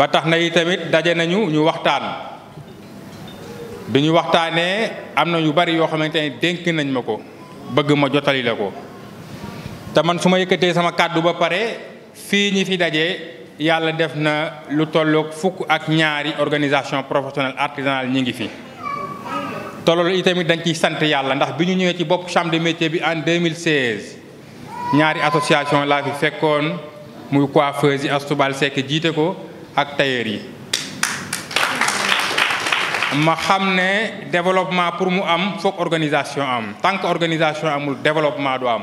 ba tax na yi tamit daje nañu ñu waxtaan bi ñu waxtaanee am na ñu bari yoo xamante ne dénk nañ ma ko bëgg ma jotali la ko te man su ma yëkkatee sama kàddu ba pare fii ñi fi daje yàlla def na lu tolloog fukk ak ñaari organisation professionnelle artisanale ñi ngi fi te loolu itamit dañ ciy sant yàlla ndax bi ñu ñëwee ci bopp chambre de métier bi en 2016 ñaari association laa fi fekkoon muy coiffeuse yi Astoubal Seck jiite ko ak tailleur yi ma xam ne développement pour mu am foog organisation am tant organisation amul développement du am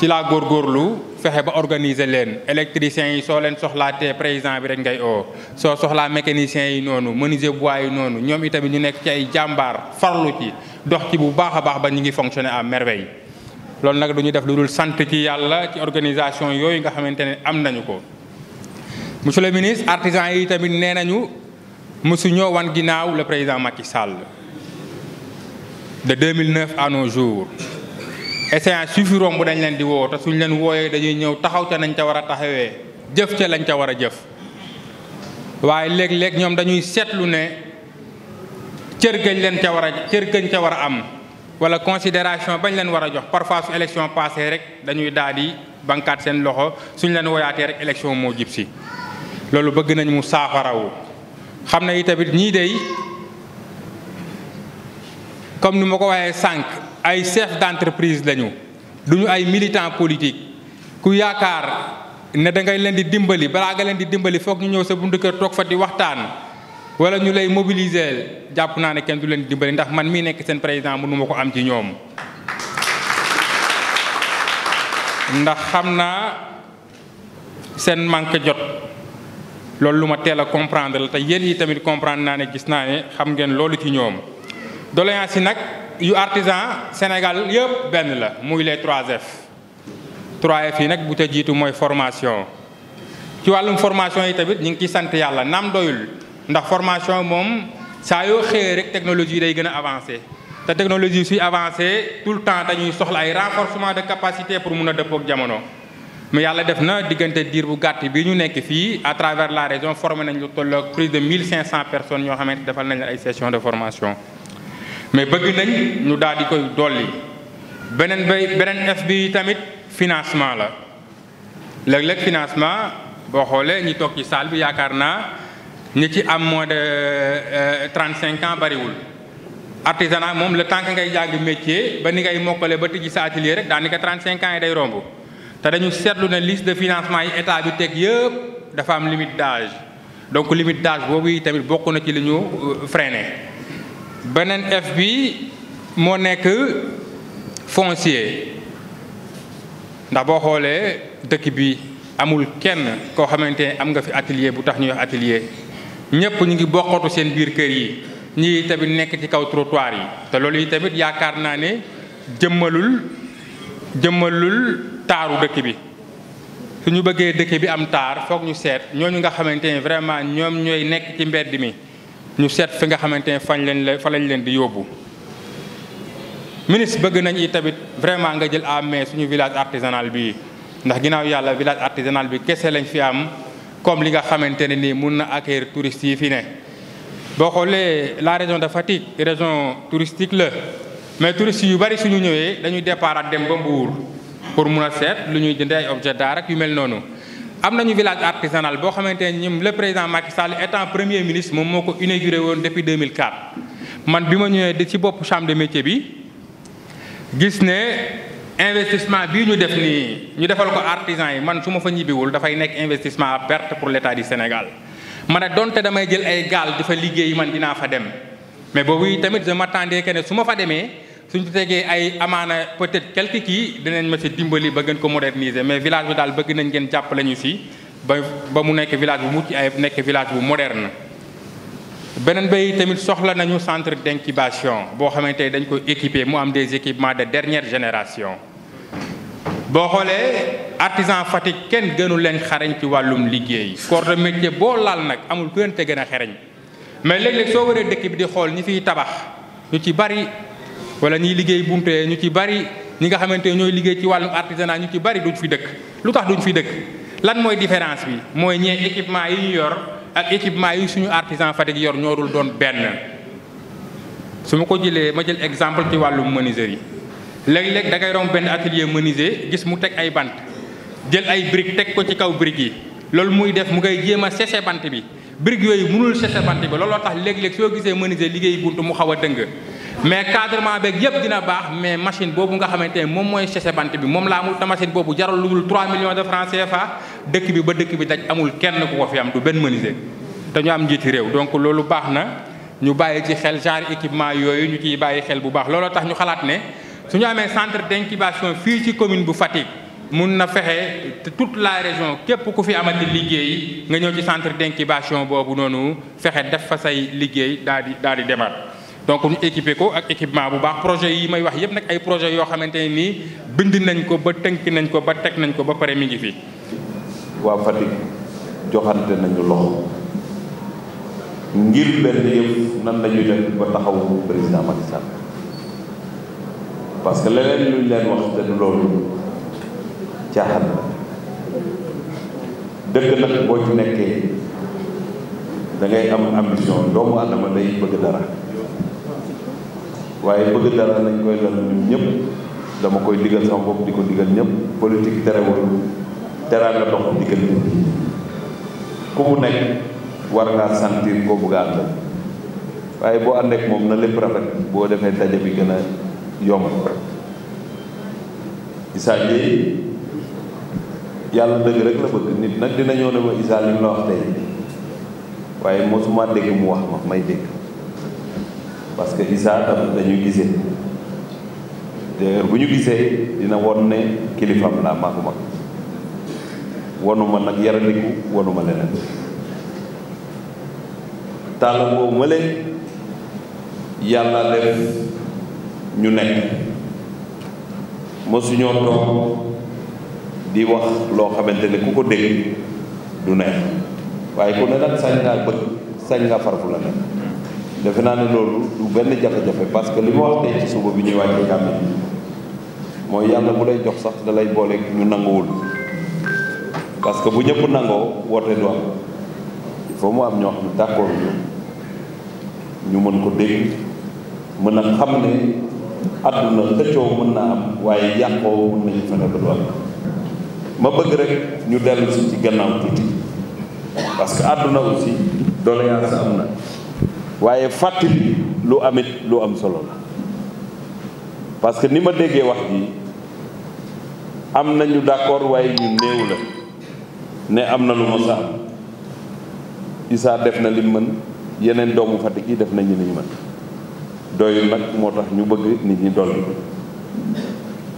ci laa góor góorgóorlu fexe ba organiser leen électriciens yi soo leen soxlaa soxlaatee président bi rek ngay oo soo soxlaa mécaniciens yi noonu menuisier bois yi noonu ñoom itamit ñu nekk ci ay jàmbaar farlu ci dox ci bu baax a baax ba ñu ngi fonctionner à merveille loolu nag du ñu def lu dul sant ci yàlla ci organisation yooyu nga xamante ne am nañu ko. monsieur le ministre artisan yi tamit nee nañu mosu ñoo wan ginnaaw le président Macky Sall de 2009 à nos jours échéance yu romb dañ leen di woo te suñ leen wooyee dañuy ñëw taxawte nañ ca war a taxawee jëf ca lañ ca war a jëf waaye léeg-léeg ñoom dañuy seetlu ne cër gañ leen ca war a cër gañ ca war a am wala considération bañ leen war a jox parfois su élection passée rek dañuy daal di bankaat seen loxo suñ leen woyaatee rek élection moo jib si loolu bëgg nañ mu saafarawu xam na ne tamit ñii day comme ni ma ko waxee sànq ay chef d'entreprise lañu duñu ay militant politique ku yaakaar ne da ngay leen di dimbali balaa nga leen di dimbali foog ñu ñëw sa buntu kër toog fa di waxtaan wala ñu lay mobiliser jàpp naa ne kenn du leen dimbali ndax man mii nekk seen président mënu ma ko am ci ñoom ndax xam naa seen manque jot loolu lu ma teel a comprendre la te yéen yi tamit comprendre naa ne gis naa ne xam ngeen loolu ci ñoom doléance yi nag yu artisan Sénégal yëpp benn la muy les trois f 3F yi nag bu ca jiitu mooy formation ci wàllum formation yi tamit ñu ngi ciy sant yàlla naam doyul ndax formation moom saa yoo xëyee rek technologie day gën a avancé te technologie suy avancé tout le temps dañuy soxla ay renforcement de capacité pour mun a dëppook jamono mais yàlla def na diggante diir bu gàtt bi ñu nekk fii à travers la région formé nañ lu tolloog plus de 1500 personnes ñoo xamante defal nañ ay sessions de formation mais bëgg nañ ñu daal di koy dolli beneen bay beneen f bi tamit financement la léeg-léeg financement boo xoolee ñi toog ci salle bi yaakaar naa ñi ci am moins de euh, cinq ans bariwul artisanat moom la temps que ngay jàng métier ba ni ngay mokkale ba tijji sa atelier rek daanaka 35 ans day romb te dañu seetlu ne liste de financement yi état bi teg yëpp dafa am limite dage donc limite d'âge boobu tamit bokku na ci li ñu euh, freiné beneen F bi moo nekk foncier ndax boo xoolee dëkk bi amul kenn koo xamante ne am nga fi atelier bu tax ñu wax atelier ñëpp ñu ngi bokkatu seen biir kër yi ñi tamit nekk ci kaw trottoir yi te loolu yi tamit yaakaar naa ne jëmmalul jëmmalul taaru dëkk bi su bëggee dëkk bi am taar foog ñu seet ñooñu nga xamante ne vraiment ñoom ñooy nekk ci mbedd mi ñu seet fi nga xamante ne fañ leen la fa lañ leen di yóbbu. ministre bëgg nañ i tamit vraiment nga jël en main suñu village artisanal bi ndax ginnaaw yàlla village artisanal bi kese lañ fi am comme li nga xamante ne nii mun na accueillir touristes yi fi ne. boo xoolee la région de Fatick région touristique la mais touristes yu bari suñu ñëwee dañuy départ dem ba pour mun a seet lu ñuy jëndee ay objet d'art ak yu mel noonu. am nañu village artisanal boo xamante ne ñoom le président Macky Sall étant premier ministre moom moo ko inauguré woon depuis man bi ma ñëwee di ci bopp chambre de métier bi gis ne investissement bi ñu def nii ñu defal ko artisan yi man su ma fa ñibbiwul dafay nekk investissement à perte pour l'État du Sénégal ma ne donte damay jël ay gaal di fa liggéey man dinaa fa dem mais boobu tamit suñ ci tegee ay amaana peut-être quelque kii dinañ ma si dimbali ba gën ko moderniser mais village bi daal bëgg nañ ngeen jàppale ñu si ba ba mu nekk village bu mucc ay nekk village bu moderne. beneen bay tamit soxla nañu centre d'incubation boo xamante ne dañ ko équipe mu am des équipements de dernière génération. boo xoolee artisan Fatick kenn gënu leen xarañ ci wàllum liggéey corps de métier boo laal nag amul ku leen te gën a xereñ mais léeg-léeg soo wala ñiy liggéey bumte ñu ci bari ñi nga xamante ñooy liggéey ci wàllum artisanat ñu ci bari duñ fi dëkk lu tax duñ fi dëkk lan mooy différence bi mooy ñee équipement yi ñu yor ak équipement yi suñu artisan Fatick yor ñoorul doon benn su ma ko jëlee ma jël exemple ci wàllum menuiserie yi léeg-léeg da ngay romb benn atelier menuisier gis mu teg ay bant jël ay brique teg ko ci kaw brique yi loolu muy def mu ngay jéem a sese bant bi brique yooyu mënul sese bant bi looloo tax léeg-léeg soo gisee menuisier liggéey bunt mu xaw a dëng mais cadrement beeg yëpp dina baax mais machine boobu nga xamante ne moom mooy séché bant bi moom la amul te machine boobu jarul lu dul 3 millions de francs CFA dëkk bi ba dëkk bi daj amul kenn ku ko fi am du benn menuisier dañu am njiiti réew donc loolu baax na ñu bàyyi ci xel genre équipement yooyu ñu ciy bàyyi xel bu baax looloo tax ñu xalaat ne suñu amee centre d'incubation fii ci commune bu Fatick mun na fexe te toute la région képp ku fi amati liggéey nga ñëw ci centre d'incubation boobu noonu fexe def fa say liggéey daal di daal di demaat donc ñu équipé ko ak équipement bu baax projet yi may wax yépp nag ay projet yoo xamante ne nii bind nañ ko ba tënk nañ ko ba teg nañ ko ba pare mu ngi fi. waa Fatick joxante nañu loxo ngir benn yëpp nan lañuy def ba taxawu président Macky parce que leneen luñ leen wax te du loolu caaxaan la dëgg nag boo ci nekkee da ngay am ambition doomu adama day bëgg dara waaye bëgg dara nañ koy lal ñun ñëpp dama koy digal sama bopp di ko digal ñëpp politique terewul teraanga dox digal ñëpp ku mu nekk war ngaa sentir koo bëgg a waaye boo ànd moom na lépp rafet boo defee daje bi gën a yomb Issa Dieye yàlla dëgg rek la bëgg nit nag dina ne ma Issa li mu la wax tey waaye mosuma dégg mu wax ma may dégg parce que Issa tam dañuy gisee d'ailleurs bu ñu gisee dina won ne kilifam laa maa mag wanuma nag yaraliku wanuma leneen tàll boobu ma leen yàlla def ñu nekk mosuñoo toog di wax loo xamante ne ku ko dégg du neex waaye ku ne nag sañ ngaa bëgg sañ ngaa farfu la defe naa ne loolu du benn jafe-jafe parce que li ma wax tey ci suba bi ñuy wàcce kàmmi mooy yàlla bu lay jox sax dalay lay booleeg ñu nanguwul parce que bu ñëpp nangoo woote du am il mu am ñoo xam ne ñu mën ko dégg mën xam ne àdduna xëccoo mën na am waaye yàqoo mën nañu fexe ba du am ma bëgg rek ñu dellu ci gannaaw tuuti parce que àdduna aussi doléance am na waaye fàttali lu amit lu am solo la parce que ni ma déggee wax ji am nañu d'accord waaye ñu néew la ne am na lu ma sax Issa def na lim mën yeneen doomu Fatick kii def nañu liñ mën doyul nag moo tax ñu bëgg nit ñi dolli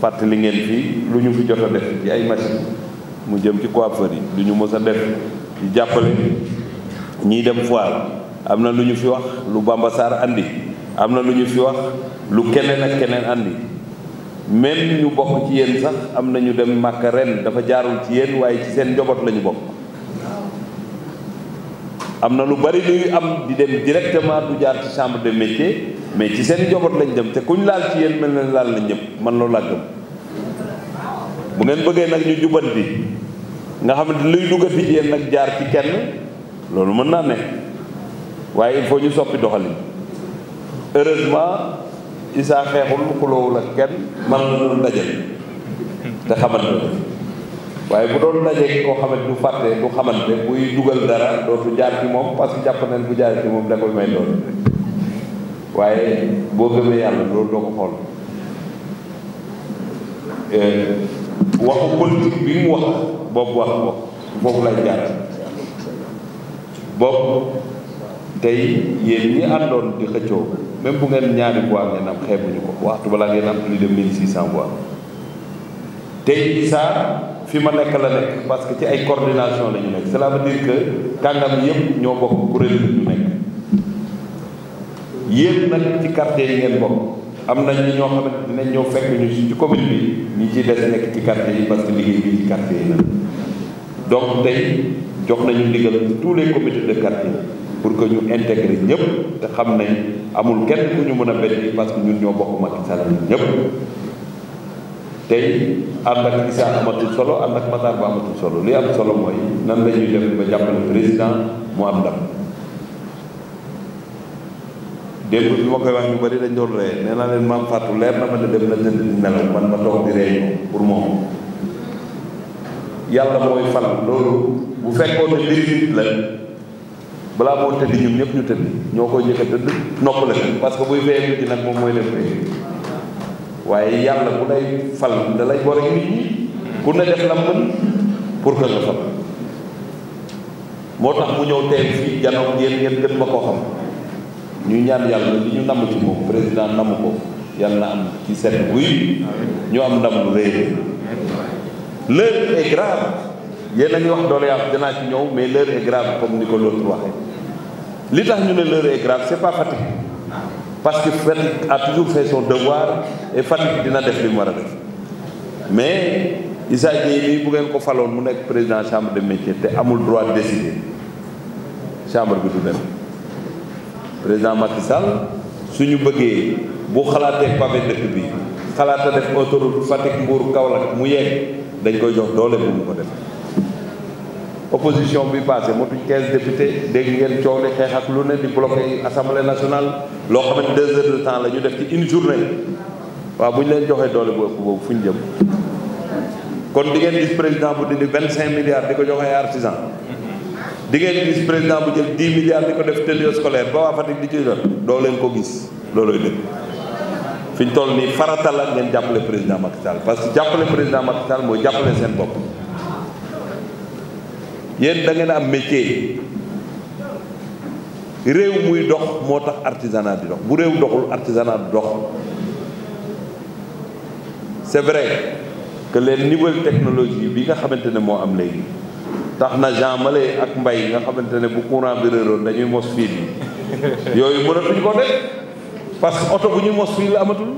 fàttali ngeen fii lu ñu fi jot a def ci ay machine mu jëm ci coiffeur yi lu ñu mës a def ci jàppale ñiy dem foire am na lu ñu fi wax lu Bamba Sarr andi am na lu ñu fi wax lu keneen ak keneen andi même ñu bokk ci yéen sax am na ñu dem Màkka ren dafa jaarul ci yéen waaye ci seen njaboot lañu bokk am na lu bari luy am di dem directement du jaar ci chambre de métier mais ci seen njaboot lañ dem te kuñ laal ci yéen mel na laal na ñëpp man loolu laa gëm bu ngeen bëggee nag ñu bi nga xam ne luy duggati ci yéen nag jaar ci kenn loolu mën naa ne waaye il faut ñu soppi doxalin heureusement Issa xeexul xuloowul ak kenn man la doon dajal te xamante ne waaye bu doon dajee koo xamante du fàtte du xamante buy dugal dara dootu jaar ci moom parce jàpp nañ bu jaar ci moom da koy may doon waaye boo gëmee yàlla loolu doo ko xool euh, waxu politique bi mu wax boobu wax ko foofu jaar boobu tey yéen ñi àndoon di xëccoo même bu ngeen ñaari voix ngeen am xeebuñu ko waxtu balaa ngeen am plus de 1600 voix tey Issa fi ma nekk la nekk parce que ci ay coordination la ñu nekk cela veut dire que kàngam yëpp ñoo bokk kuréel bi ñu nekk yéen nag ci quartier yi ngeen bokk am na ñu ñoo xamante dinañ ñëw fekk ñu ci commune bi ñi ciy des nekk ci quartier yi parce liggéey bi ci quartier yi la donc tey jox nañu ndigal tous les comités de quartier pour que ñu intégrer ñëpp te xam ne amul kenn ku ñu mën a beddi parce que ñun ñoo bokk Macky Sall ñëpp tey ànd ak Issa amatul solo ànd ak Matar Ba amatul solo li am solo mooy nan la ñuy def ba jàppale président mu am ndam démb bi koy wax ñu bari dañ doon ree nee naa leen maam fàttu leer na ma dem na leen nelaw man ma toog di ree pour moom yàlla mooy fal loolu bu fekkoon ne mbir la balaa moo tëdd ñun ñëpp ñu tëdd ñoo koy njëkk a tëdd noppale parce que buy fee nit ñi nag moom mooy def fee waaye yàlla bu lay fal da lay boole nit ñi ku ne def la mën pour que nga fal moo tax mu ñëw tey fii janoog yéen ngeen gën ma koo xam ñu ñaan yàlla li ñu namm ci moom président namm ko yàlla na am ci set buy ñu am ndam lu rëy lépp est grave yéen a ngi wax doole yàpp dinaa ci ñëw mais l'heure est grave comme ni ko l'autre waxee li tax ñu ne l'heure est grave c'est pas Fatick parce que Fatick a toujours fait son devoir et Fatick dina def lim war a def mais Issa Diaye nii bu ngeen ko faloon mu nekk président chambre de métier te amul droit de décider chambre bi du dem président Macky Sall suñu bëggee bu xalaatee pavé dëkk bi xalaata def autoroute Fatick Mbour Kaolack mu yegg dañ koy jox doole bu mu ko def opposition bi passé motuñ 15 député dégg ngeen coow li xeex ak lu ne di bloqué assemblée nationale loo xamante deux heures de temps la ñu def ci une journée waaw bu ñu leen joxee doole bu boobu fu ñu jëm kon di ngeen gis président bu dindi vingt cinq milliards di ko jox ay di ngeen gis président bu jël dix milliards di ko def télé scolaire ba waa Fatick di ci jot doo leen ko gis loolooy dëgg fi ñu toll nii farata la ngeen jàppale président Macky Sall parce que jàppale président Macky Sall mooy jàppale seen bopp yéen da ngeen am métier réew muy dox moo tax artisanat di dox bu réew doxul artisanat du dox c'est vrai que les nouvelles technologies bi nga xamante ne moo am léegi tax na Jean male ak Mbaye nga xamante ne bu courant bi réeroon dañuy mos fii bi yooyu mënatuñ ko def parce que oto bu ñu mos fii amatul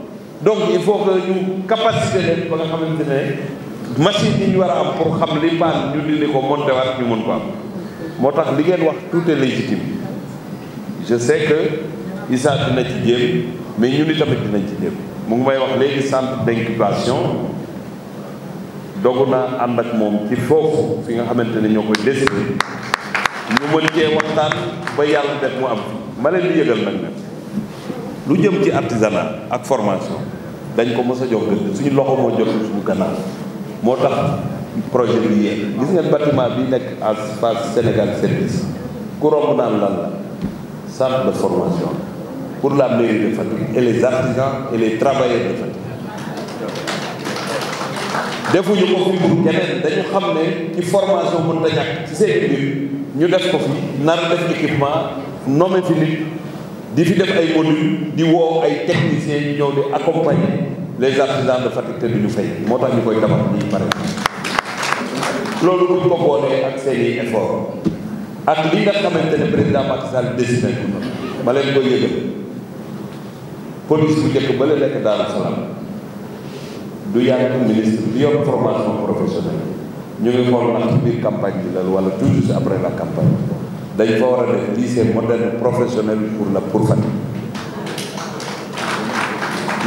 donc il faut que ñu capacité leen ba nga xamante ne machine yi ñu war a am pour xam li baan ñu dindi ko monté waat ñu mun ko am moo tax li ngeen wax tout est légitime je se que Issa dina ci jéem mais ñu ni tamit dinañ ci jéem mu ngi may wax léegi centre d'incubation dogu naa ànd ak moom ci foofu fi nga xamante ne ñoo koy décidé ñu mën cee waxtaan ba yàlla def mu am ma leen di yëgal nag nag lu jëm ci artisanat ak formation dañ ko mës a jox gëdd suñu loxo moo jotul suñu gannaaw moo tax projet bi yéeg gis ngeen bâtiment bi nekk à face Sénégal service ku romb lan la centre de formation pour la mairie de Fatick et les artisans et les travailleurs de Fatick defuñu ko fi pour keneen dañu xam ne ci formation mën ta ñàkk ci seen biir ñu def ko fi nar équipement nommé fi nit di fi def ay module di woo ay techniciens ñu ñëw di accompagner les artisans de Fatick te duñu fay moo tax ñu koy tabax nii pare loolu buñ ko boolee ak seen i effort ak li nga xamante ne président Macky Sall ma leen koy yëgal police bu njëkk ba la nekk Daaru Salaam du yàgg ministre bi yor formation professionnelle ñu ngi xool ndax ci biir campagne bi la wala toujours après la campagne dañ fa war a def lycée moderne professionnel pour la pour Fatick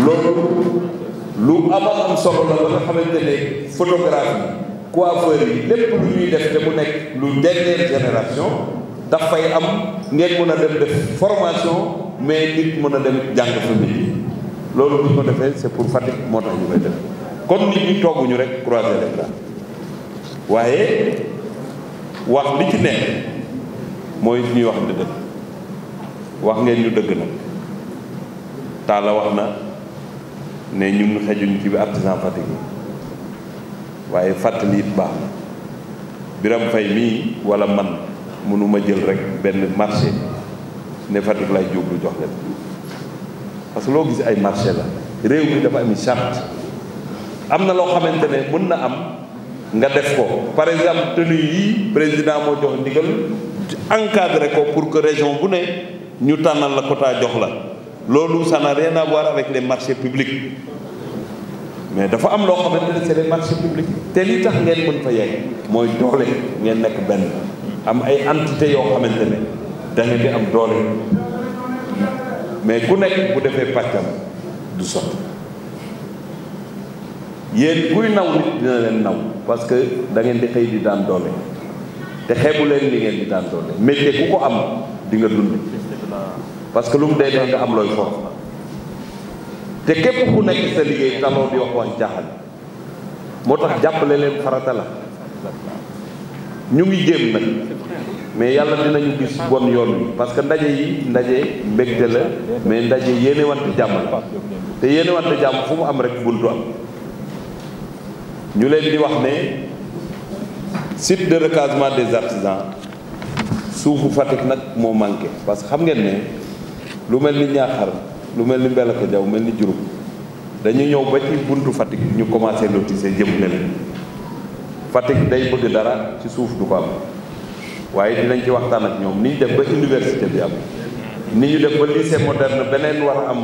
loolu lu ama am solo la ba nga xamante ne photographie coiffeur yi lépp lu ñuy def te mu nekk lu dernière génération dafay am ngeen mën a dem def formation mais nit mën a dem jàng fa yi loolu bu ñu ko defee c'est pour Fatick moo tax ñu koy def kon nit ñi tooguñu rek croiser les bras waaye wax li ci nekk mooy ñuy wax dëgg wax ngeen ñu dëgg nag Talla wax na ne ñun xejuñ ci bi artisan Fatick yi waaye fàttali it baax na Biram Fay mii wala man mënuma jël rek benn marché ne Fatick lay jublu jox leen parce que loo gis ay marché la réew mi dafa ami charte am na loo xamante ne mën na am nga def ko par exemple tenue yi président moo jox ndigal encadré ko pour que région bu ne ñu tànnal la quota jox la loolu ça n'a rien à voir avec les marchés publics mais dafa am loo xamante ne c'est les marchés te li tax ngeen mën fa yegg mooy doole ngeen nekk benn am ay entité yoo xamante ne da di am doole mais ku nekk bu defee pàccam du sotti yéen kuy naw nit dina leen naw parce que da ngeen di xëy di daan doole te xeebu leen li ngeen di daan doole métier ku ko am di nga dund parce que lu mu dee dee nga am looy for te képp ku nekk sa liggéey taloo di wax wax jaaxal moo tax jàppale leen farata la ñu ngi jéem nag mais yàlla dinañu gis bon yoon wi parce que ndaje yi ndaje mbégte la mais ndaje yéene wante jàmm la te yéene wante jàmm fu mu am rek buntu am ñu leen di wax ne site de recasement des artisans suufu Fatick nag moo manqué parce que xam ngeen ne lu mel ni Ñaaxar lu mel ni Mbelako Jaw mel ni Diouroup dañu ñëw ba ci buntu Fatick ñu commencé lotissé jëm ne Fatick day bëgg dara ci suuf du ko am waaye dinañ ci waxtaan ak ñoom ni ñu def ba université bi am ni ñu def ba lycée moderne beneen war a am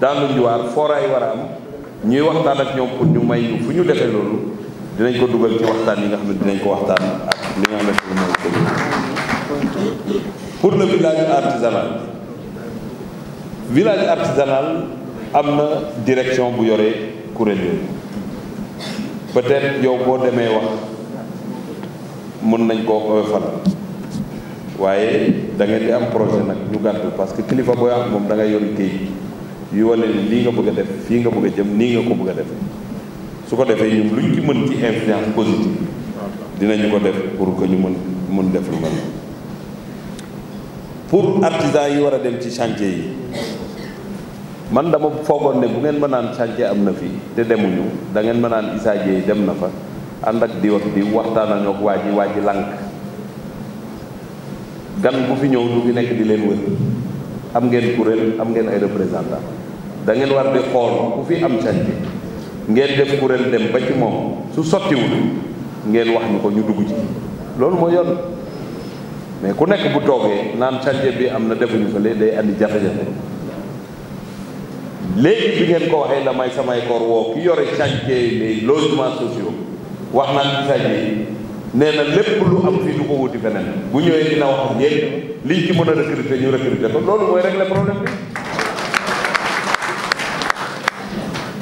daanu njuwaar fooraay war a am ñuy waxtaan ak ñoom pour ñu may ñu fu ñu defee loolu dinañ ko dugal ci waxtaan yi nga xam ne dinañ ko waxtaan ak li nga xamante ne moom pour le village artisanal village artisanal am na direction bu yore kuréel yooyu peut-être yow boo demee wax mën nañ koo oyofal waaye da ngeen di am projet nag ñu gàttu parce que kilifa booy am moom dangay ngay yor kayit yu lii nga bëgg a def fii nga bëgg a jëm nii nga ko bëgg a def su ko defee ñun lu ci mën ci influence positive dinañ ko def pour que ñu mën mën def lu mel pour artisan yi war a dem ci chantier yi man dama foogoon ne bu ngeen ma naan chantier am na fii te demuñu dangeen ngeen ma naan Issa Dieye dem na fa ànd ak diw ak diw waxtaan nañoo ak waa ji waa ji lànk gan bu fi ñëw du fi nekk di leen wër am ngeen kuréel am ngeen ay représentant da ngeen war di xool ku fi am chantier ngeen def kuréel dem ba ci moom su sottiwul ngeen wax ñu ko ñu dugg ci loolu mooy yoon mais ku nekk bu toogee naan chantier bi am na defuñu fële day andi jafe-jafe léegi bi ngeen ko waxee la may samay koor woo ki yore chantier les logements sociaux wax naa ci yi nee na lépp lu am fii du ko wuti feneen bu ñëwee dina wax ak yéen liñ ci mën a recruter ñu recruter ko loolu mooy régler problème bi.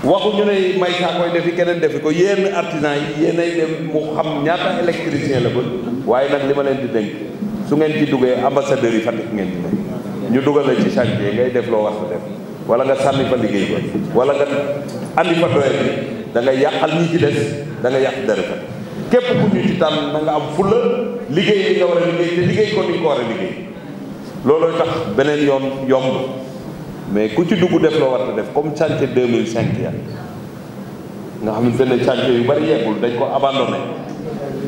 waxuñu ne may saa koy defi keneen defi ko yéen artisan yi yéenay dem mu xam ñaata électricien la ba waaye nag li ma leen di dénk su ngeen ci duggee ambassadeurs yi Fatick ngeen ci nekk ñu dugal la ci yi ngay def loo wala nga sànni fa liggéey ba wala nga andi fa doyal bi da nga yàqal ñi ci des da nga yàq dara képp ku ñu ci tànn na nga am fulla liggéey li nga war a liggéey te liggéey ko ni ko war a liggéey loolooy tax beneen yoon yomb mais ku ci dugg def loo war a def comme chantier 2005 ya nga xam ne chantier yu bari yeggul dañ ko abandonné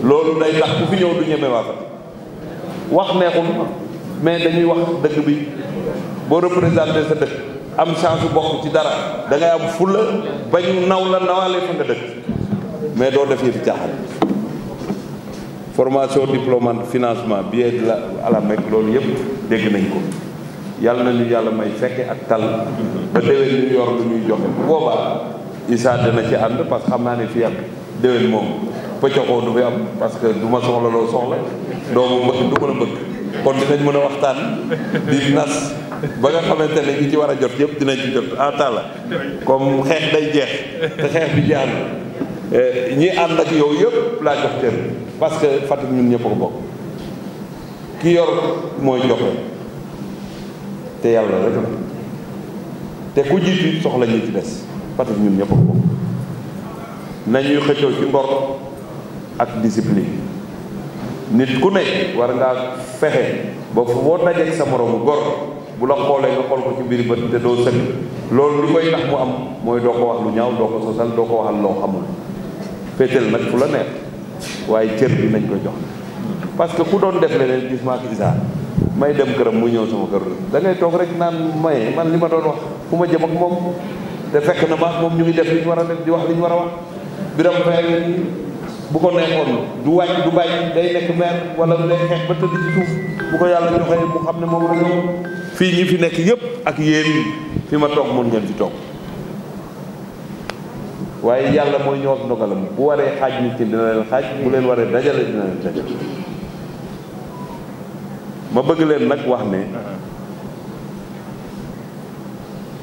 loolu day tax ku fi ñëw du ñeme waa Fatick wax neexul mais dañuy wax dëkk bi boo représenté sa dëkk am chance bokk ci dara da ngay am fulla bañ naw la nawaalee fa nga dëkk mais doo def yëfi caaxaan formation diplômante financement billet de la la Mecque loolu yëpp dégg nañ ko yàlla na ñu yàlla may fekke ak tal ba déwén ñu yor lu ñuy joxe bu boobaa Issa dina ci ànd parce que xam naa ne fii ak déwén moom pëccoxoo du fi am parce que du ma soxla loo soxla doomu mbëkk du mën a mbëkk kon dinañ mën a waxtaan di nas ba nga xamante ne ñi ci war a jot yëpp dinañ ci jot en temps la comme xeex day jeex te xeex bi jeex na eh, ñi ànd ak yow yëpp laa jox cër parce que Fatick ñun ñëpp ko bokk ki yor mooy joxe te yàlla rek la te ku jiitu soxla ñi ci des Fatick ñun ñëpp ko bokk nañuy xëccoo ci ngor ak discipline nit ku ne war ngaa fexe ba na dajeek sa moroomu gor bu la xoolee nga xool ko ci mbiri bët te doo sëgg loolu li koy tax mu am mooy doo ko wax lu ñaaw doo ko sosal doo ko waxal loo xamul féetal nag fu la neex waaye cër bi nañ koy jox parce que ku doon def leneen gis maa ki isa may dem këram mu ñëw sama kër da ngay toog rek naan maye man li ma doon wax fu ma jëm ak moom te fekk na maak moom ñu ngi def li ñu war a def di wax li ñu war a wax biram fay bu ko neexoon du wàcc du bàyyi day nekk meer wala day xeex ba tëdd ci suuf la fii ñi fi nekk yépp ak yéen fi ma toog mën ngeen fi toog waaye yàlla mooy ñëw ak ndogalam bu waree xaaj nit ñi dina leen xaaj bu leen waree dajale dina leen dajale ma bëgg leen nag wax ne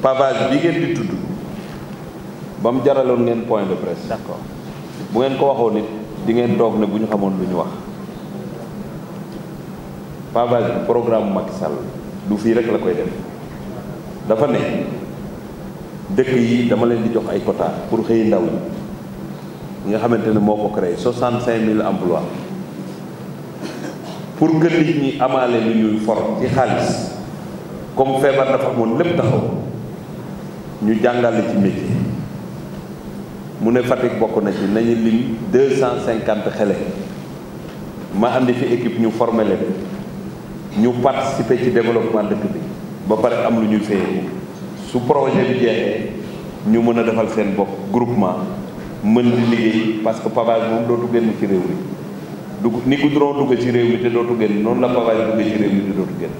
pavage bi ngeen di tudd ba mu jaraloon ngeen point de presse bu ngeen ko waxoon nit di ngeen toog ne bu ñu xamoon lu ñu wax pavage bi programme Macky Sall du fii rek la koy def dafa ne dëkk yi dama leen di jox ay quota pour xëy ndaw yi nga xamante ne moo ko créé soixante cinq mille emplois pour que nit ñi amaale lu ñuy for ci xaalis comme feebar dafa amoon lépp taxaw ñu jàngale ci yi mu ne Fatick bokk na ci nañu lim deux cent cinquante xele ma andi fi équipe ñu formé leen ñu participer ci développement dëkk bi ba pare am lu ñuy fayee su projet bi jeexee ñu mën a defal seen bopp groupement mën di liggéey parce que pavage moom dootu génn ci réew mi du ni goudron dugg ci réew mi te dootu génn noonu la pavage dugg ci réew mi te dootu génn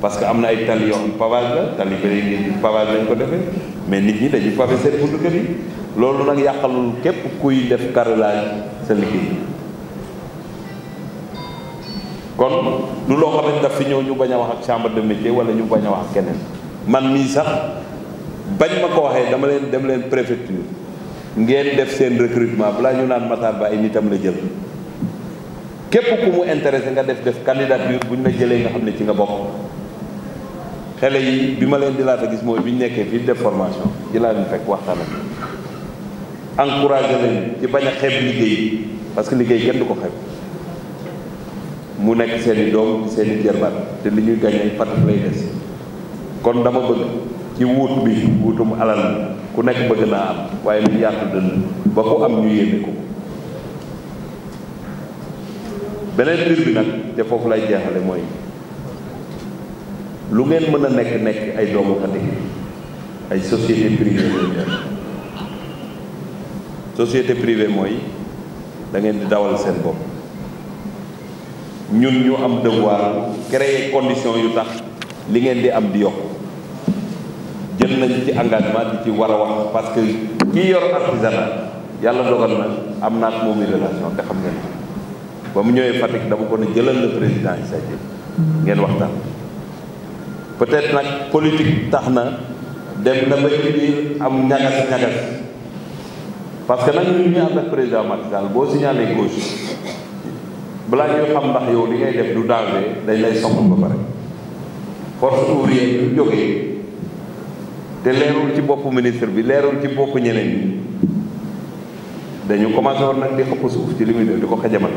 parce que am na ay tali yoo xam la tali bëri nit ñi pavage lañ ko defee mais nit ñi dañuy pavé seen buntu kër yi loolu nag yàqalul képp kuy def carrelage sa liggéey kon lu loo xam ne daf fi ñëw ñu bañ a wax ak chambre de métier wala ñu bañ a wax ak keneen man mii sax bañ ma ko waxee dama leen dem leen préfecture ngeen def seen recrutement balaa ñu naan Matar Ba ay nitam la jël képp ku mu intéressé nga def def candidature bu ñu la jëlee nga xam ne ci nga bokk xele yi bi ma leen di laata gis mooy bi ñu nekkee fii def formation ci laa rek fekk waxtaan ak encouragé leen ci bañ a xeeb liggéey parce que liggéey kenn du ko mu nekk seeni i doom di jarbaat te li ñuy gañe Fatick lay des kon dama bëgg ci wuut bi wuutum alal ku nekk bëgg naa am waaye lu yaatu dënn ba ku am ñu yéeme ko beneen mbir bi nag te foofu lay jeexale mooy lu ngeen mën a nekk nekk ay doomu Fatick ay société privée société privée mooy da ngeen di dawal seen bopp ñun ñu am devoir créer condition yu tax li ngeen di am di yokk jël nañ ci engagement di ci war a wax parce que kii yor artisanat yàlla dogal na am naa ak moom relation te xam ngeen ba mu ñëwee Fatick dama ko ne jëlal le président Issa Dièye ngeen waxtaan peut-être nag politique tax na dem na ba ci biir am ñagas ñagas parce que nag ñun ñu ànd ak président Macky Sall boo signalé gauche balaa ñuy xam ndax yow li ngay def du danger dañ lay soxla ba pare force ouvrière yi ñu jógee te leerul ci bopp ministre bi leerul ci bopp ñeneen ñi dañu commencé woon nag di xëpp suuf ci li muy di ko xajamal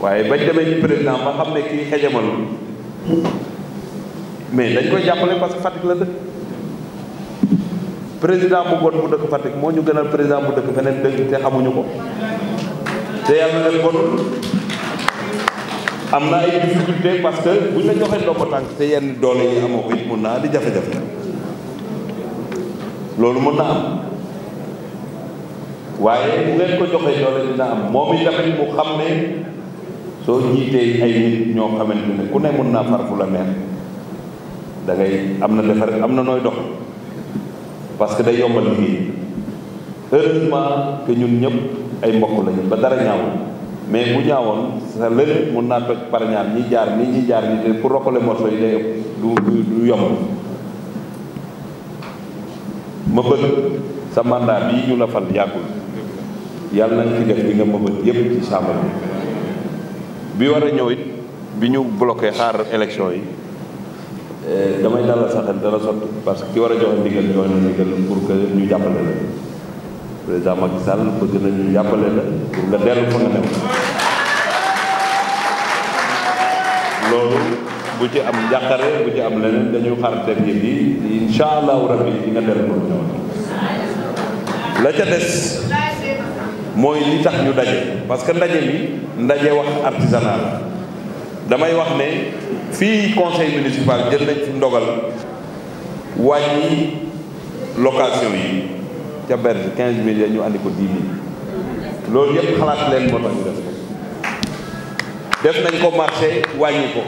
waaye bañ demee ci président ba xam ne kii xajamal mais dañ koy jàppale parce que Fatick la dëkk président bu bon bu dëkk Fatick moo ñu gënal président bu dëkk feneen dëkk te xamuñu ko te yàlla nag bonul am na ay difficulté parce que buñ la joxee ndombo tànk te yenn doole yi amoo ko mun naa di jafe-jafe loolu mën na am waaye bu ngeen ko joxee doole dina am moom itamit mu xam ne soo jiitee ay nit ñoo xamante ne ku ne mun naa far fu la neex da am na defar am na nooy dox parce que day yombal liggéey heureusement que ñun ñëpp. ay mbokk lañu ba dara ñaawul mais bu ñaawoon sa leneen mun naa toj par ñi jaar nii ñi jaar nii pour rokkale morso yi day du du yomb ma sa mandat bii ñu la fal yàggul yàlla nañ ci def bi nga mëbët yépp ci sàmmal bi bi war a ñëw it bi ñu bloqué xaar élection yi eh, damay dalal sa xel dana sotti parce que ki war a joxe ndigal joxe na ndigal pour que ñu jàppale la président Macky Sall bëgg nañu jàppale la pour nga dellu fa nga new loolu bu ci am njàqare bu ci am leneen dañu xaar teg yi di incha allahu rabbi di nga dellu fa nga ñëw la ca des mooy li tax ñu daje parce que ndaje bi ndaje wax artisanal la damay wax ne fii conseil municipal jël nañ fi ndogal wàññi location yi ca berge quinze mille ya ñu àndi ko dix mille loolu yëpp xalaat leen moo ñu def def nañ ko marché wàññi ko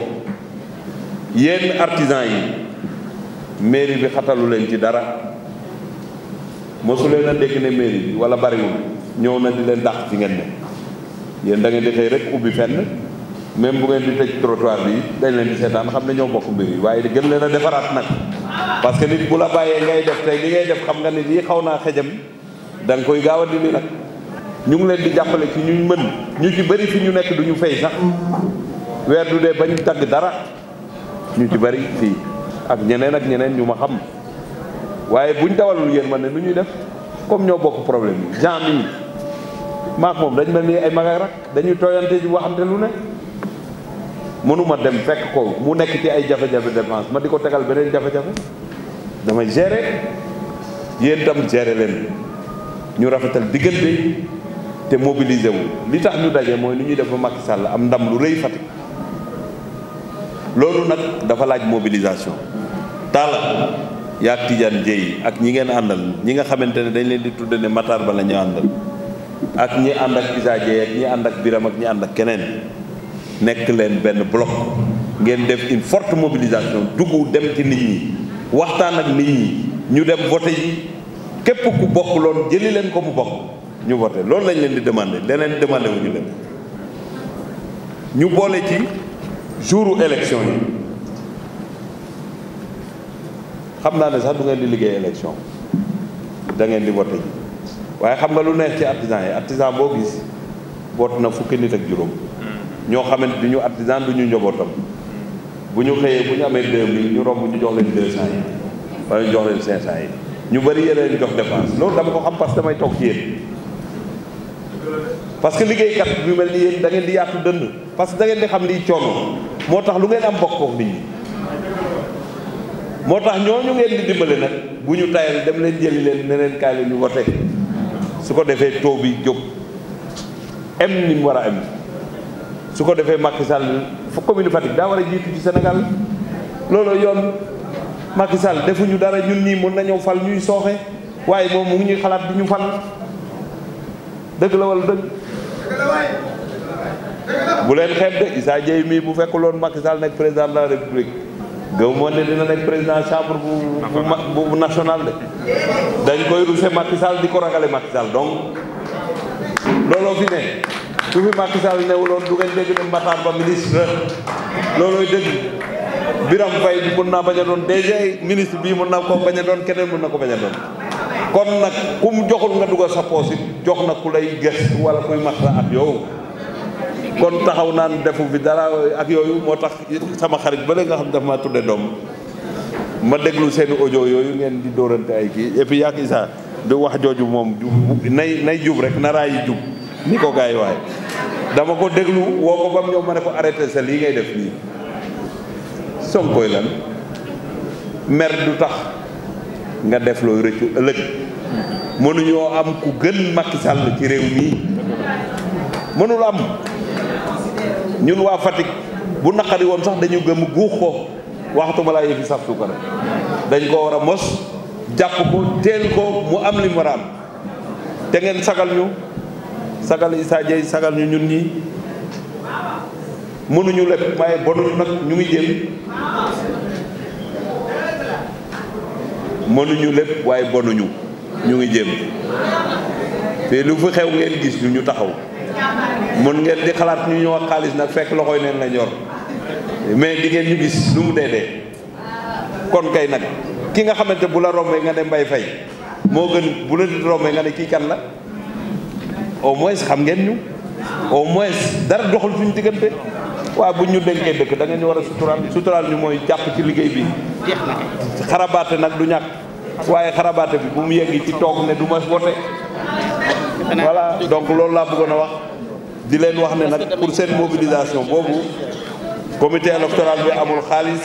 yéen artisan yi mairie bi xatalu leen ci dara mosu leen a dégg ne mairie bi wala bariwul ñëw na di leen dàq ci ngeen ne yéen da ngeen di xëy rek ubbi fenn même bu ngeen di tëj trottoir bi dañ leen di seetaan xam ne ñëw bokk mbir waaye gën leen a defaraat nag parce que nit bu la bàyyee ngay def tey li ngay def xam nga ne lii xaw naa xejam da nga koy gaaw a dindi nag ñu ngi leen di jàppale ci ñu mën ñu ci bëri fi ñu nekk duñu fay sax weer du dee tagg dara ñu ci bëri fii ak ñeneen ak ñeneen ñu ma xam waaye buñ dawalul yéen man ne lu ñuy def comme ñoo bokk problème yi gens mi maak moom dañ mel nii ay mag ak rak dañuy tooyante ji waxante lu ne mënuma dem fekk ko mu nekk ci ay jafe-jafe dépense ma di ko tegal beneen jafe-jafe damay gérer yéen itam gérer leen ñu rafetal diggante te mobiliser wu li tax ñu daje mooy lu ñuy def ba Macky Sall am ndam lu rëy Fatick loolu nag dafa laaj mobilisation taala yaa Tidiane Dieye ak ñi ngeen àndal ñi nga xamante ne dañ leen di tudde ne Matar Ba la ñu àndal ak ñi ànd ak Issa Dieye ak ñi ànd ak Biram ak ñi ànd ak keneen nekk leen benn bloc ngeen def une forte mobilisation dugg dem ci nit ñi waxtaan ak nit ñi ñu dem voté yi képp ku bokk loolu jëli leen ko mu bokk ñu voté loolu lañ leen di demandé leneen demande wu ñu leen ñu boole ci jouru élection yi xam naa ne sax du ngeen di liggéey élection da ngeen di voté ji waaye xam nga lu neex ci artisan yi artisan boo gis vote na fukki nit ak juróom ñoo xamante du ñu artisan du ñu njobootam bu ñu xëyee bu ñu amee deux mille ñu romb ñu jox leen deux cent yi wala ñu jox leen cinq cent yi ñu bëri yéen jox dépense loolu dama ko xam parce que damay toog ci yéen parce que liggéeykat bu mel ni yéen di yaatu dënd parce que da ngeen di xam nii coono moo tax lu ngeen am bokk kook nit ñi moo tax ñooñu ngeen di dimbale nag bu ñu tayal dem leen jëli leen ne leen kaay la ñu wote su ko defee taux bi jóg em ni mu war a am su ko defee Macky Sall fu commune Fatick daa war a jiitu ci Sénégal loolu yoon Macky Sall defuñu dara ñun nii mën nañoo fal ñuy sooxe waaye moom mu ñuy xalaat di ñu fal dëgg la wala dëgg bu leen xeeb de Issa Diaye mii bu fekkuloon Macky Sall nekk président de la République gëw moo ne dina nekk président chambre bu bu national de dañ koy ruse Macky di ko ragale Macky Sall donc looloo fi ne bu fi Macky Sall newuloon du ngeen dégg ne Matar Ba ministre loolooy dégg Biram Faye mun naa bañ a doon DG ministre bii mun naa ko bañ doon keneen na ko bañ a doon kon nag ku mu joxul nga dugal sa poos jox na ku lay gëstu wala kuy mat la ak yow kon taxaw naan defu fi dara ak yooyu moo tax sama xarit ba léegi nga xam daf ma tudde doom ma déglu seeni audio yooyu ngeen di dóorante ay kii et puis ah, du wax jooju moom nay nay jub rek na yi jub ni ko gaay waaye dama ko déglu woo ko bam ñëw ma ne ko arrêté sa lii ngay def nii Sonkoy lan mer du tax nga def looy rëccu ëllëg mënuñoo am ku gën Macky Sall ci réew mii mënul am ñun waa Fatick bu naqari woon sax dañu gëm guux ko waxtuma laa yëfi saf ko rek dañ ko war a mos jàpp ko teel ko mu am li mu war te ngeen sagal ñu sagal Issa Dieye sagal ñu ñun nii mënuñu lépp waaye bonuñu nag ñu ngi jéem mënuñu lépp waaye bonuñu ñu ngi jéem te lu fi xew ngeen gis ñu ñu taxaw mën ngeen di xalaat ñu ñëw ak xaalis nag fekk loxoy neen la ñor mais di ngeen ñu gis lu mu dee dee kon kay nag ki nga xamante bu la rombee nga ne mbay fay moo gën bu la rombee nga ne kii kan la au moins xam ngeen ñu au moins dara doxul ñu diggante waa bu ñu dénkee dëkk da ngeen ñu war a suturaal suturaal ñu mooy jàpp ci liggéey bi xarabaate nag du ñàkk waaye xarabaate bi bu mu yegg ci toog ne du ma wote voilà donc loolu laa bëggoon a wax di leen wax ne nag pour seen mobilisation boobu comité électoral bi amul xaalis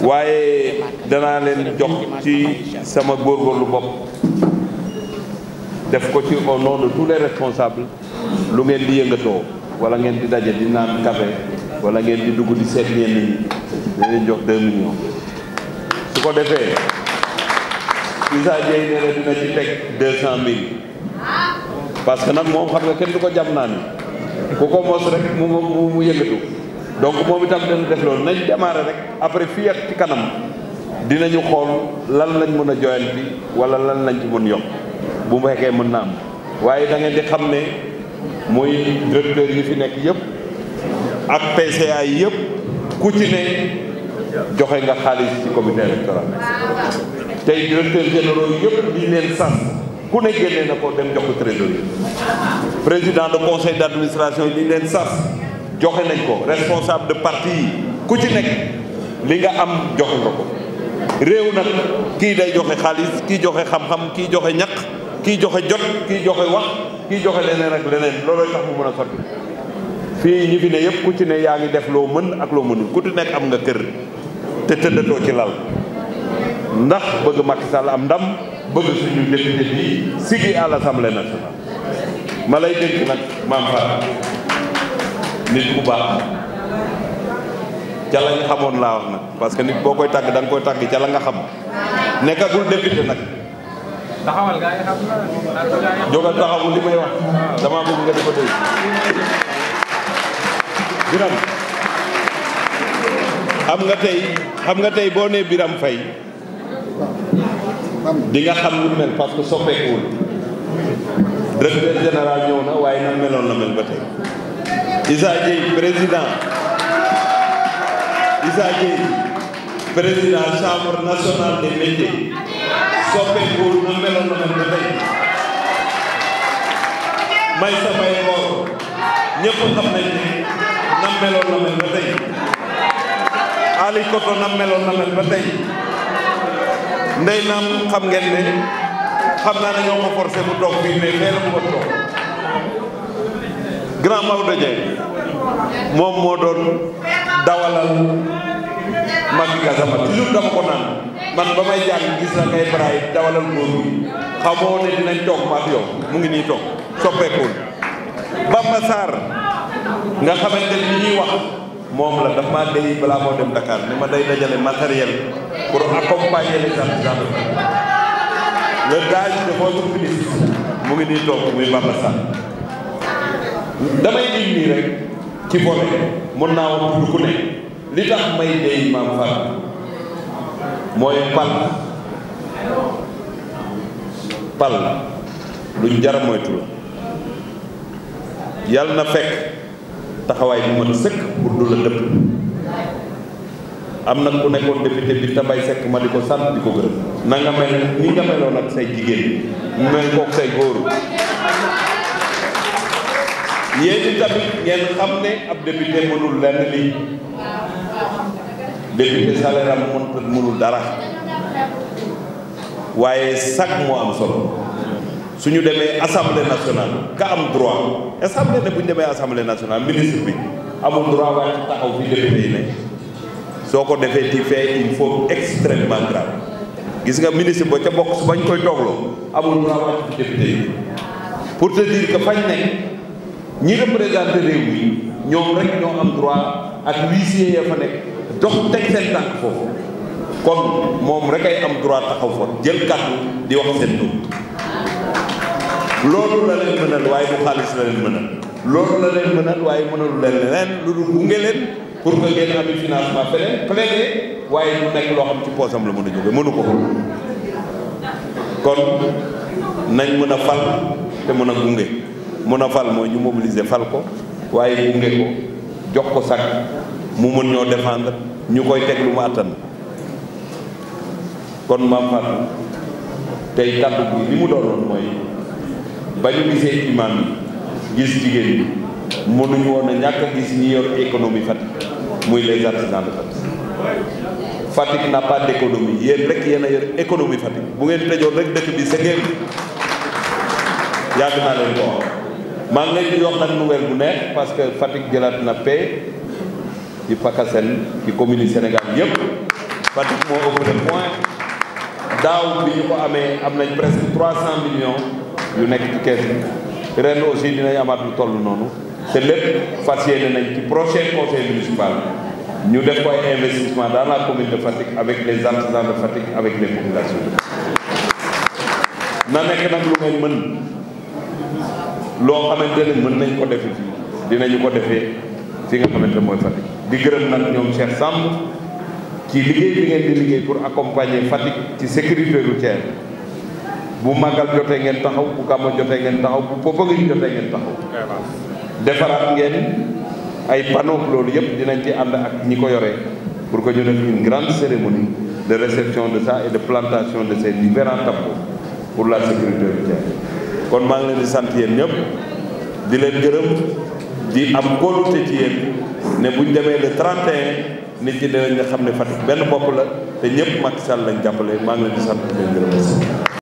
waaye danaa leen jox ci sama góorgóorlu bopp def ko ci au nom de tous lu ngeen di yëngatoo wala ngeen di daje di naan café wala ngeen di dugg di seet ñenn ñi dinañ jox 2 millions su ko defee Issa Diaye nee na dina ci teg 200000 parce que nag moom xam nga kenn du ko jam naa ni ku ko mos rek mu mu mu yëngatu donc moom itam dana def loolu nañ démarrer rek après fii ak ci kanam dinañu xool lan lañ mën a joyal bi wala lan lañ ci mën yokk bu mu fekkee mën naa am waaye da ngeen di xam ne muy directeur yi fi nekk yëpp ak PCA yi yëpp ku ci ne joxe nga xaalis ci comité électoral tey directeur généraux yëpp di leen sant ku ne génnee na ko dem jox ko trésorier président de conseil d' administration yi leen sas joxe nañ ko responsable de parti yi ku ci nekk li nga am jox nga ko réew nag kii day joxe xaalis kii joxe xam-xam kii joxe ñaq kii joxe jot kii joxe wax kii joxe leneen ak leneen loolooy tax mu mën a sotti fii ñi fi ne yëpp ku ci ne yaa ngi def loo mën ak loo mënul ku ci nekk am nga kër te tëddatoo ci lal ndax bëgg Macky Sall am ndam bëgg suñu député bi sigi à l'Assemblée nationale ma lay dénk nag maam Fatou nit bu baax ca lañ xamoon laa wax nag parce que nit boo koy tàgg da nga koy tàgg ca la nga xam nekkagul député nag taxawal gaa yi xam nga. jógal taxawul li may wax damaa bëgg nga di ko dégg. Biram xam nga tey xam nga tey boo ne Biram fay di nga xam lu mel parce que soppeekuwul directeur général ñëw na waaye na meloon la mel ba tey Issa Dieye président Issa Dieye président chambre nationale des métiers soppeeku wóolu na meloon na mel ba tey may sa may ngoor xam nañ ne nam meloon na mel ba tey Ali Koto nam meloon na mel ba tey ndey naam xam ngeen ne xam naa ne ñoo ko forcé mu toog fii mais teel mu ko toog grand Maodo Dieng moom moo doon dawalal Macky Gassama toujours dama ko naan man ba may jàng gis na ngay baraay dawalal góor yi xamoo ne toog maak yow mu ngi nii toog soppeekul Bamba Sarr nga xamante ni ñuy wax moom la daf maa day balaa moo dem Dakar ni ma day dajale matériel pour accompagner les artisans le mu ngi nii toog muy Bamba Sarr damay dig nii rek ci volet mën naa wax pour ku ne li tax may day maam Fatou mooy pal pal luñ jar moytu la na fekk taxawaay bu mat sëkk pour du la dëpp am na ku nekkoon député bi tabay sekk ma di ko sant di ko gërëm na mel ni nga meloon ak say jigéen mel kook say góoru yéen itamit ngeen xam ne ab député mënul lenn lii de salaire am mënut mënul dara waaye sac moo am solo su ñu demee assemblée nationale ka am droit assemblée ne bu ñu demee assemblée nationale ministre bi amul droit waaye taxaw fi député yi ne soo ko defee ci fee il faut extrêmement grave gis nga ministre ba ca bokk su bañ koy toogloo amul droit waaye ci député yi pour te dire que fañ ne ñi représenté réew mi ñoom rek ñoo am droit ak huissier ya fa nekk. dox teg seen tànk foofu kon moom rek ay am droit taxaw fa jël kàddu di wax seen tur loolu la leen mënal waaye bu xaalis la leen mënal loolu la leen mënal waaye mënalu leen leneen lu dul gunge leen pour que ngeen am waaye lu nekk loo xam ci poosam la mën a jóge mënu ko kon nañ mën a fal te mën a gunge mën a fal mooy ñu mobilise fal ko waaye gunge ko jox ko sax mu mën ñoo défendre ñu koy teg lu mu àttan kon maam Fatou tey kàddu bi li mu doonoon mooy ba ñu gisee imaam yi gis jigéen ñi mënuñu woon a ñàkk a gis ñi yor économie Fatick muy les de Fatick Fatick n'a pas d'économie yéen rek a yor économie Fatick bu ngeen tëjoon rek dëkk bi sa ngeen yàgg naa leen ko wax maa ngi leen di wax nag bu neex parce que Fatick jëlaat na paix ci Pakasen ci commune yi Sénégal yépp Fatick moo ëpp le point daaw bi ñu ko amee am nañ presque trois cent millions yu nekk ci kees bi ren aussi dinañ amaat lu toll noonu te lépp fas yéene nañ ci prochain conseil municipal ñu def ko ay investissement dans la commune de Fatick avec les artisans de Fatick avec les populations na nekk nag lu ngeen mën loo xamante ne mën nañ ko defe dinañu ko defee fi nga xamante ne mooy Fatick di gërëm nag ñoom Cheikh Samb ci liggéey bi ngeen di liggéey pour accompagner Fatick ci sécurité routière bu màggal jotee ngeen taxaw bu gàmmu jotee ngeen taxaw bu Popenguine jotee ngeen taxaw defaraat ngeen ay panneaux loolu yëpp dinañ ci ànd ak ñi ko yoree pour que ñu def une grande cérémonie de réception de ça et de plantation de ces différents tableaux pour la sécurité routière kon maa ngi leen di sant yéen ñëpp di leen gërëm di am kóolute ci yéen ne bu ñu demee le 31 nit ñi dinañ nga xam ne Fatick benn bopp la te ñëpp Macky Sall lañ jàppalee maa ngi leen di sant di leen gërëm